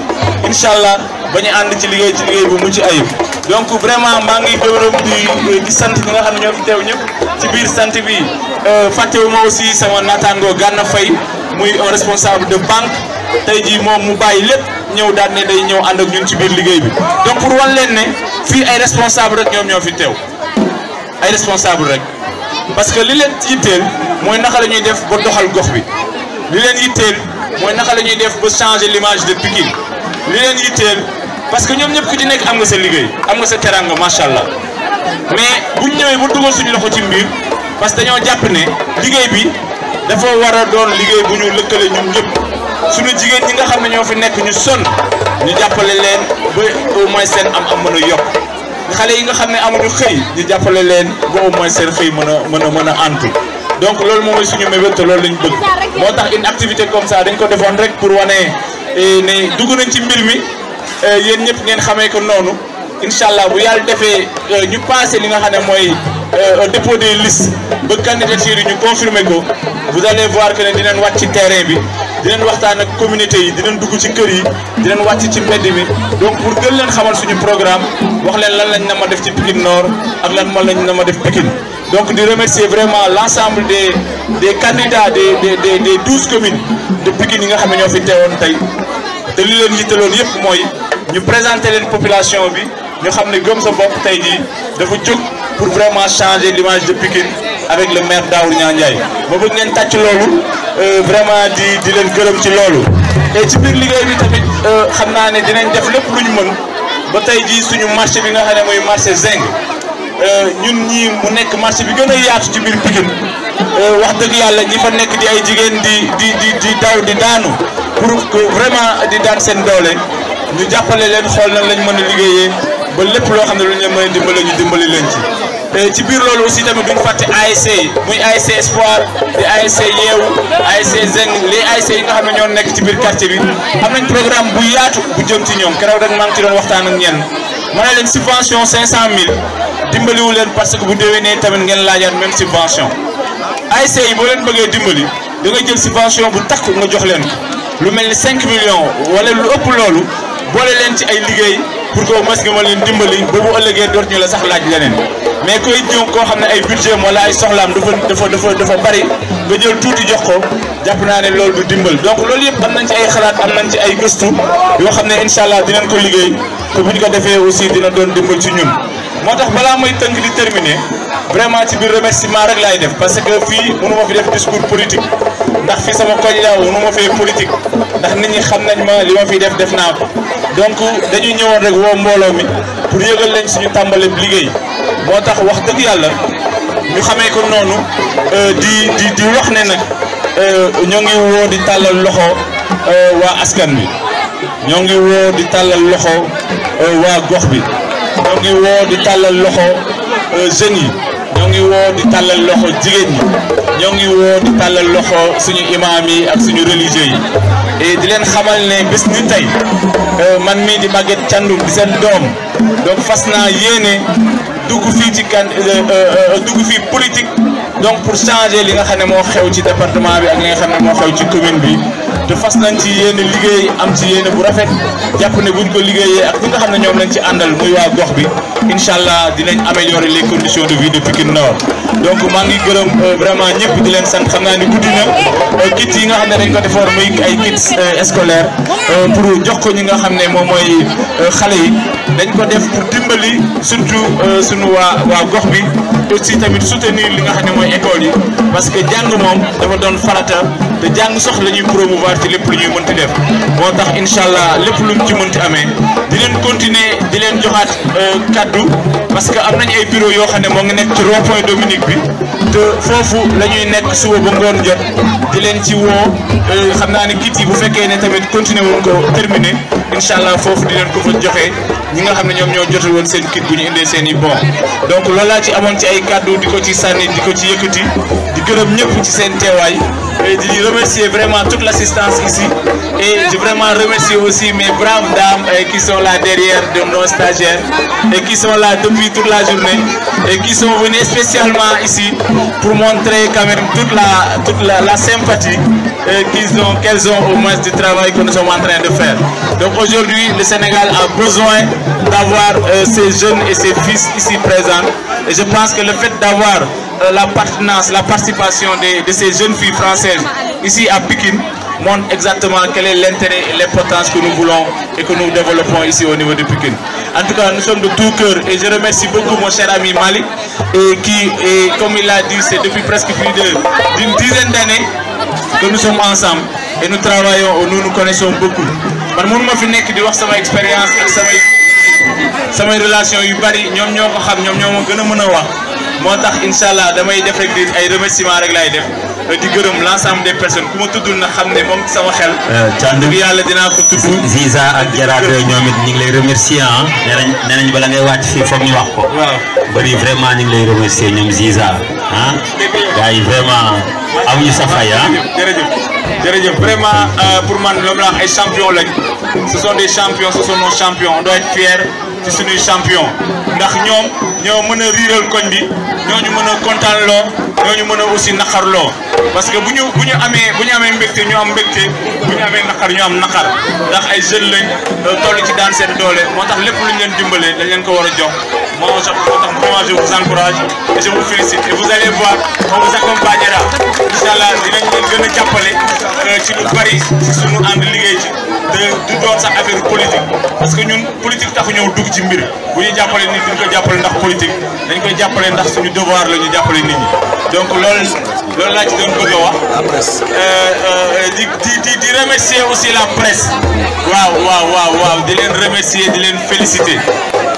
incha allah ba ñu ànd ci liggéey ci liggéey bu mucc donc vraiment maa ngi gërëm di sant bi nga xam ne ñoo fi teew ñëpp ci biir sant bi euh, fàttewuma aussi sama naataango Gana Faye muy un responsable de banque tey jii moom mu bàyyi lépp ñëw daal ne day ñëw ànd ak ñun ci biir liggéey bi donc pour wan leen ne fii ay responsable rek ñoom ñoo fi teew ay responsable rek. parce que li leen yitteel mooy naka la ñuy def ba doxal gox bi li leen yitteel mooy naka la ñuy def ba changer l'image de Pikine li leen yitteel parce que ñoom ñëpp ku ci nekk am nga sa liggéey am nga sa teranga macha allah mais buñ ñëwee ba dugal suñu loxo ci mbir parce que dañoo jàpp ne liggéey bi dafa war a doon liggéey bu ñu lëkkale ñun ñëpp suñu jigéen ñi nga xam ne ñoo fi nekk ñu sonn ñu jàppale leen ba au moins seen am am mën a yokk xale yi nga xam ne amuñu xëy ñu jàppale leen ba au moins seen xëy mën a mën a mën a antu donc loolu moom mooy suñu mébét te loolu lañ bëgg moo tax une activité comme ça dañ ko defoon rek pour wane eh, ne dugg nañ ci mbir mi eh, yéen ñëpp ngeen xamee ko noonu incha allah bu yàlla defee eh, ñu passé li nga xam ne mooy. Euh, au dépôt des listes ba candidature yi ñu confirmer ko vous allez voir que ne dinañ wàcc ci terrain bi dinañ waxtaan ak communauté yi dinañ dugg ci kër yi dinañ wàcc ci mbedd mi donc pour gën leen xamal suñu programme wax lan lañ na ma def ci Pikine Nord ak lan ma lañ na ma def Pikine donc di remercier vraiment l'ensemble des de candidats des des des des douze communes de Pikine yi nga xam ne ñoo fi teewoon tey te li leen loolu yëpp mooy ñu présente leen population bi. ñu xam ne gëm sa bopp tey jii dafa jóg pour vraiment changer l'image de Pikine avec le maire Daoud Ndiaye ma bëgg ngeen tàcc loolu euh, vraiment di di leen gërëm ci loolu te ci biir liggéey bi tamit euh, xam naa ne dinañ def lépp lu ñu mën ba tey jii suñu marché bi nga xam ne mooy marché zinc euh, ñun ñii mu nekk marché bi gën a yaatu ci biir Pikine wax dëgg yàlla ñi fa nekk di ay jigéen di di di di daw di daanu pour que vraiment di daan seen doole ñu jàppale leen xool nañ lañ mën a ba lépp loo xam ne lu ñu mën a dimbali ñu dimbali leen ci te ci biir loolu aussi tamit duñu fàtte ASC muy ASC Espoir di ASC Yeewu ASC Zeng les ASC yi nga xam ne ñoo nekk ci biir quartier bi am nañ programme bu yaatu bu jëm ci ñoom keroog rek maa ngi ci doon waxtaan ak ñenn ma ne leen subvention cinq cent mille dimbaliwu leen parce que bu nee tamit ngeen laajaat même subvention ASC yi boo leen bëggee dimbali da nga jël subvention bu takku nga jox leen lu mel ni cinq millions wala lu ëpp loolu boole leen ci ay liggéey pour ko mas nga ma leen dimbali ba ëllëgee doot ñu la sax laaj leneen mais koy ñëw koo xam ne ay budget wala ay soxlaam dafa dafa dafa dafa bari nga jël tuuti jox ko jàpp naa ne lool du dimbal donc loolu yëpp am nañ ci ay xalaat am nañ ci ay gëstu yoo xam ne incha allah dinañ ko liggéey bu ñu ko defee aussi dina doon dimbal ci ñun moo tax balaa may tënk di terminer vraiment ci biir remerciement rek laay def parce que fii mënu ma fi def discours politique ndax fii sama koñ laa mënu ma fee politique ndax nit ñi xam nañ ma li ma fiy def def naa ko donc dañuy ñëwoon rek woo mbooloo mi pour yëgal leen suñu tàmbaleeb liggéey moo tax wax dëgg yàlla ñu xamee ko noonu euh, di di di wax ne nag euh, ñoo ngi woo di tàllal loxo euh, waa askan bi ñoo ngi woo di tàllal loxo waa gox bi. ñoo ngi woo di tàllal loxo euh, jeunes yi ñoo ngi woo di tàllal loxo jigéen ñi ñoo ngi woo di tàllal loxo suñu imaam yi ak suñu religieux yi di leen xamal ne bis ni tey euh, man mi di Maguette Thiandoum di seen doom donc fas naa yéene dugg fii ci kan euh, euh, euh, dugg fii politique donc pour changer li nga xam ne moo xew ci département bi ak li nga xam ne moo xew ci commune bi te fas nañ ci yéen liggéey am ci yéen bu rafet jàpp ne buñ ko liggéeyee ak ñi nga xam ne ñoom lañ ci àndal muy gox bi incha allah dinañ améliorer les conditions de vie de Pikine donc maa ngi gërëm vraiment ñëpp di leen sant xam naa ni guddi na kits yi nga xam ne dañ ko defoon muy ay kits scolaires pour jox ko ñi nga xam ne moom mooy xale yi. dañ ko def pour dimbali surtout euh, sunu waa waa gox bi aussi tamit soutenir li nga xam ne mooy école yi parce que jàng moom dafa doon farata te jàng sox la ñuy promouvoir ci lépp lu ñuy mënti def moo tax incha allah lépp lu mu ci mënti amee di leen continuer di leen joxaat euh, kaddu parce que am nañ ay bureau yoo xam ne moo ngi nekk ci rond point Dominique bi te foofu la ñuy nekk suba ba ngoon jot di leen ci woo euh, xam naa ne kit yi bu fekkee ne tamit continuer woon ko terminer incha allah foofu di leen ko fa ñi nga xam ne ñoom ñoo jotul woon seen kit bu ñu indee seen i bon donc loolu laa ci amoon ci ay kàddu di ko ci sànni di ko ci yëkkati di gërëm ñëpp ci seen teewaay et je remercie vraiment toute l'assistance ici. Et je vraiment remercie aussi mes braves dames euh, qui sont là derrière de nos stagiaires qui sont là depuis toute la journée et qui sont venues spécialement ici pour montrer quand toute la, sympathie euh, qu'elles ont, au moins du travail que nous sommes en train de faire. Donc aujourd'hui, le Sénégal a besoin d'avoir euh, ces jeunes et ces fils ici présents. Et je pense que le fait d'avoir Euh, la pertinence, la participation de, de, ces jeunes filles françaises ici à Pékin montre exactement quel est l'intérêt et l'importance que nous voulons et que nous développons ici au niveau de Pékin. En tout cas, nous sommes de tout cœur et je remercie beaucoup mon cher ami Mali, qui, comme il l'a dit, c'est depuis presque plus d'une dizaine d'années que nous sommes ensemble et nous travaillons, nous nous connaissons beaucoup. man mënu ma fi nekk di wax sama expérience ak samay samay yu bari ñoom ñoo ko ñoom ñoo gën a mën a wax moo tax incha allah damay def rek di ay remerciements rek laay def di gërëm la sam des personnes ku ma na xam ne moom sama xel. Euh, dëgg yàlla dinaa ko tudd. Ziza ak Jaraaf yooyu ñoom it ñu ngi lay remercier ah. nee nañ nee nañ bala ngay wàcc fii foog ñu wax ko. waaw bëri vraiment ñu ngi lay remercier ñoom Ziza. ah gars yi vraiment amuñu sa fay ah. jërëjëf jërëjëf vraiment euh, pour man loolu laa ay champion lañ ce sont des champions ce champion nos champions on doit ci suñuy champion ndax ñoom ñoo mën a riiral koñ bi ñoo ñu mën a kontaanloo ñoo ñu mën a aussi naqarloo parce que bu ñu bu ñu amee bu ñu amee mbégte ñu am mbégte bu ñu amee naqar ñu am naqar ndax ay jeunes lañ euh, toll ci daan seen doole moo tax lépp lu ñu leen dimbalee dañ leen ko war a jox. Moi, vraiment, je vous encourage et je vous félicite. Et vous allez voir, on vous accompagnera. Inch'Allah, dinañ leen gën a jàppale euh, ci lu bari ci sunu ànd liggéey ci du doon sax affaire politique parce que ñun politique taxu ñëw dugg ci mbir bu ñu jàppale ni duñ ko jàppale ndax politique dañ ko jàppale ndax suñu devoir la ñu jàppale nit ñi donc loolu loolu laa ci doon bëgg euh, euh, di di di remercier aussi la presse waaw waaw waaw waaw di leen remercier di leen féliciter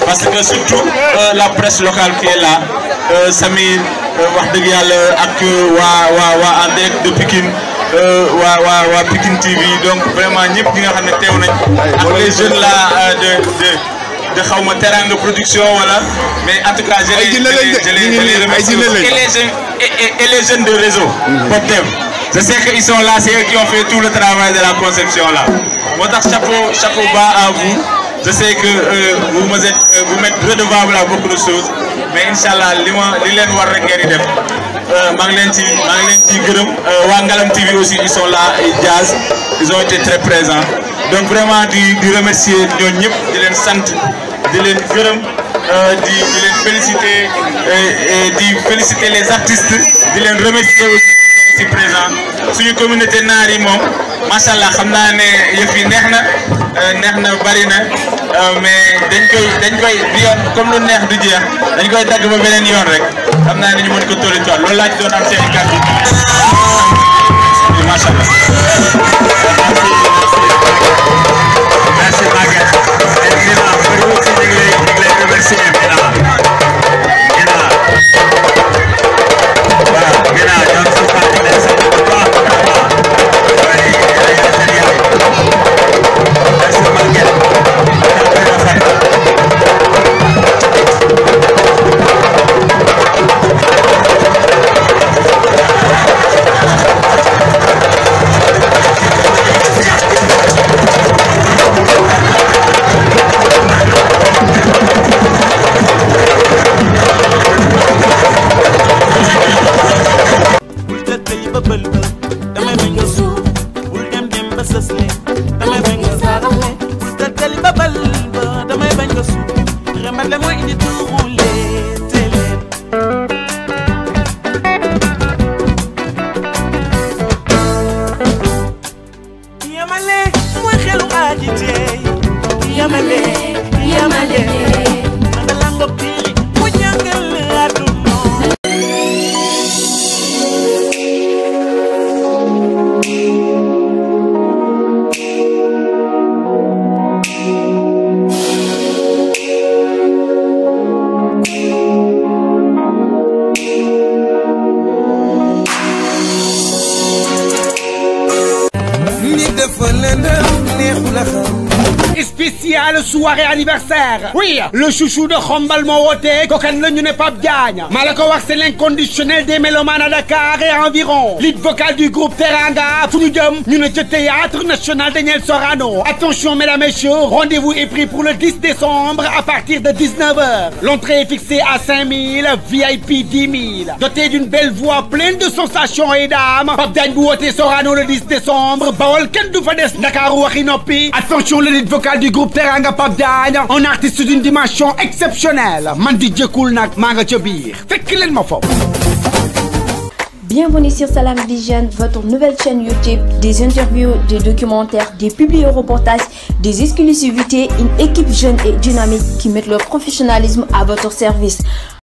parce que surtout euh, la presse locale qui est là euh, Samir euh, wax dëgg yàlla ak waa waa waa en direct de Pikine waa waa waa Pikine TV donc vraiment ñëpp ñi nga xam ne teew nañ ak les jeunes là de de de ma terrain de production wala mais en tout cas les je les les jeunes et les jeunes de réseau mm-hmm. Pop Dev je sais qu'ils sont là c'est eux tout le travail de la conception là moo tax chapeau chapeau bas à vous je sais que euh, vous me êtes euh, vous m'êtes redevable à beaucoup de choses mais incha allah li ma li leen war rek ngeen di def euh, maa ngi leen ci gërëm waa Ngalam TV aussi ils sont là ils ont été très présents donc vraiment di di remercier ñooñu ñëpp di leen sant di leen gërëm di di leen féliciter di féliciter les artistes di leen remercier ci présent suñu communauté naar yi moom macha allah xam naa ne yëf yi neex na euh, neex na bari na euh, mais dañ koy dañ koy di yoon comme lu neex du jeex dañ koy dagg ba beneen yoon rek xam naa ne ñu mën ko tóoli tool loolu laa ci doon am seen i kàddu macha allah. merci Maguette. ñu ngi lay ñu ngi lay remercier Terra. Oui. Diagne le chouchou de Xombal moo wootee ñu ne Pape Diagne maa la ko c'est l'inconditionnel des mélomanes à Dakar et environ lead vocal du groupe Teranga fu ñu jëm ñu ne ca théâtre national Daniel Sorano attention mesdames et messieurs rendez-vous est pris pour le décembre à partir de 19h l'entrée est fixée à 5000 VIP 10 000 doté d'une belle voix pleine de sensations et d'âme Pape Diagne bu Sorano le décembre Bawol du fa des Ndakaaru animation exceptionnelle man di jëkkul nag maa nga ca biir fekk leen ma foofu. Bienvenue sur Salam Vision, votre nouvelle chaîne YouTube, des interviews, des documentaires, des publi-reportages, des exclusivités, une équipe jeune et dynamique qui met leur professionnalisme à votre service.